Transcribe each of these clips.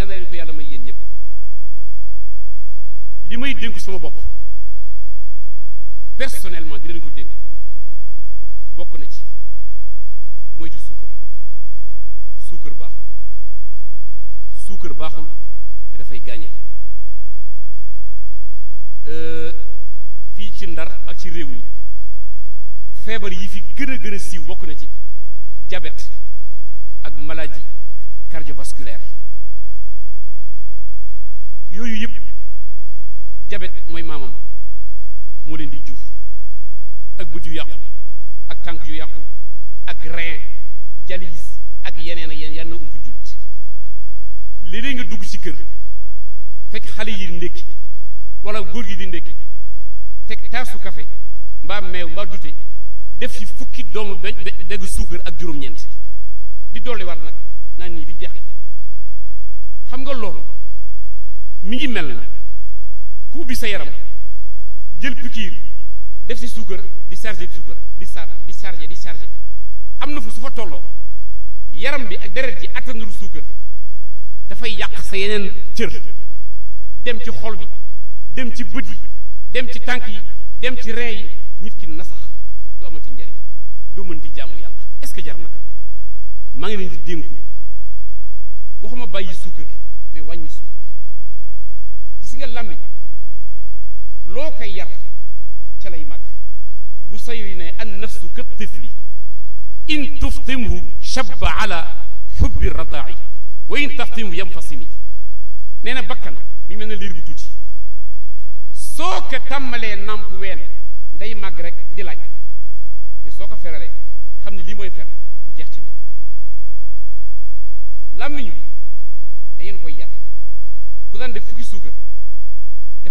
yal na leen ko yàlla may yéen ñëpp li may dénk sama bopp personnellement di leen ko dénk bokk na ci bu moytu suukar suukar baaxul suukar baaxul te dafay gaañe euh, fii ci ndar ak ci réew mi feebar yi fi gën a gën a siiw bokk na ci jabet ak maladie cardiovasculaire yooyu yëpp jabet mooy maamam moo leen di jur ak bët yu yàqu ak tànk yu yàqu ak rein jalis ak yeneen ak yeneen yal na ump jullit léeg nga dugg ci kër fekk xale yi di ndékki wala góor gi di ndékki teg taasu kafe mbaa meew mbaa dute def ci fukki doomu be dégg suukar ak juróom-ñeent di dolli war nag naan nii di jeex xam nga loolu mi ngi mel na ku ubbi sa yaram jël pikiir def si suukar di chargé di suukar di chargé di chargé di chargé am na fu su fa tolloo yaram bi ak deret ji attanul suukar dafay yàq sa yeneen cër dem ci xol bi dem ci bët yi dem ci tànk yi dem ci rein yi nit ki na sax du amati njariñ doo mën di jaamu yàlla est-ce que jar na ko maa ngi leen di dénku waxuma bàyyi suukar mais wàññi suukar nga làmmiñ loo koy yar ca lay màgg bu sayri ne an nafsu ka tifli in tuftimhu shabba ala xubbi radaai wa in taftimhu yanfasimi nee na bakkan mi mel ne liir bu tuuti soo ko tàmmalee namp ween day màgg rek di laaj ne soo ko feralee xam ne lii mooy fer bu jeex ci moom làmmiñ bi da ngeen koy yar ku daan def fukki suukar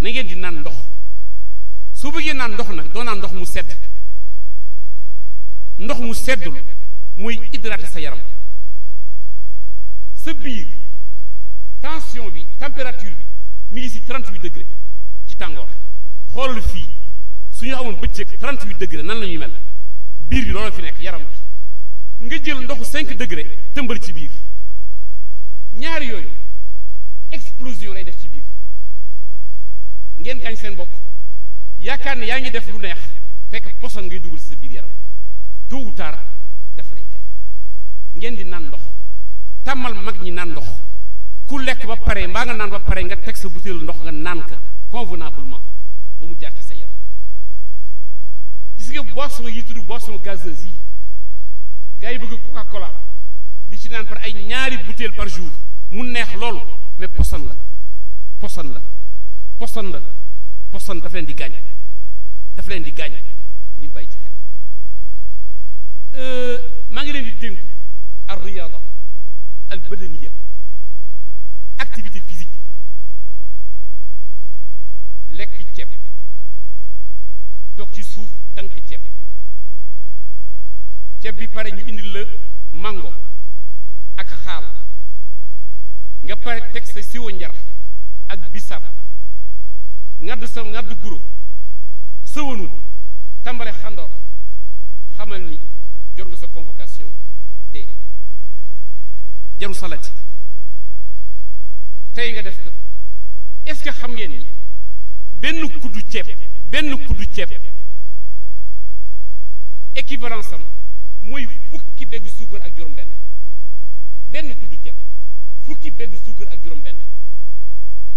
na ngeen di naan ndox su bëggee naan ndox nag doo naan ndox mu sedd ndox mu seddul muy hydrater sa yaram sa biir tension bi température bi mi ngi si 38 ci tàngoor xoolal fii su ñu amoon bëccëg 38 degré nan la ñuy mel biir bi loolu fi nekk yaram bi nga jël ndoxu 5 degré tëmbal ci biir ñaari yooyu explosion lay def ci. ngeen gaañ seen bopp yaakaar ne yaa ngi def lu neex fekk poson ngay dugal ci sa biir yaram tôt ou tard daf lay gaañ ngeen di naan ndox tàmmal mag ñi naan ndox ku lekk ba pare mbaa nga naan ba pare nga teg sa butéelu ndox nga naan ka convenablement ba mu jaar ci sa yaram gis nga boisson yi tudd boisson gazeuse yi gars yi bëgg coca cola di ci naan par ay ñaari butéel par jour mu neex lool mais poson la posan la poson la poson daf leen di gaañ daf leen di gaañ ngeen bàyyi ci xel maa ngi leen di dénku al riyaada al badaniya activité physique lekk ceeb toog ci suuf dank ceeb ceeb bi pare ñu indil la mango ak xaal nga pare teg sa siwo njar ak bisaab ŋadd sa ŋadd guro xamal ni nga sa convocation de salati nga est-ce que xam ngeen ni benn kuddu ceeb benn kuddu ceeb équivalence am mooy fukki begg suukar ak juróom benn fukki ak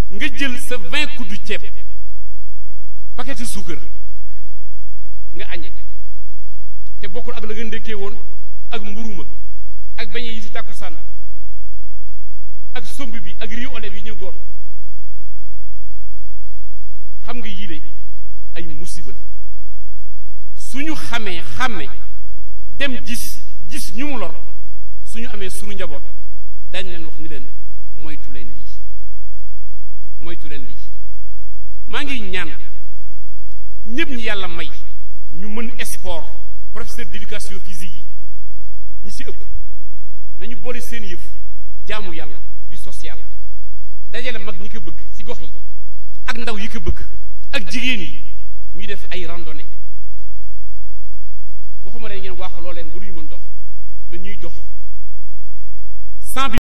nga jël sa vingt paquet suukar nga añe te bokkul ak la nga ndékkee woon ak mburu ma ak beñe yi ci tàkkusaan ak somb bi ak riz au lait yi ñu goor xam nga yii de ay musiba la suñu xamee xàmme dem gis gis ñu mu lor suñu amee sunu njaboot dañ leen wax ni leen moytu leen lii moytu leen lii maa ngi ñaan ñepp ñu yalla may ñu mën sport professeur d'éducation physique ñi ci ëpp nañu boole seen yëf jaamu yalla di social dajale mag ñi ko bëgg ci gox yi ak ndaw yi ko bëgg ak jigéen yi ñu def ay randonnée waxuma ne ngeen wax waxaloo leen bu duñu mën dox dañuy dox dox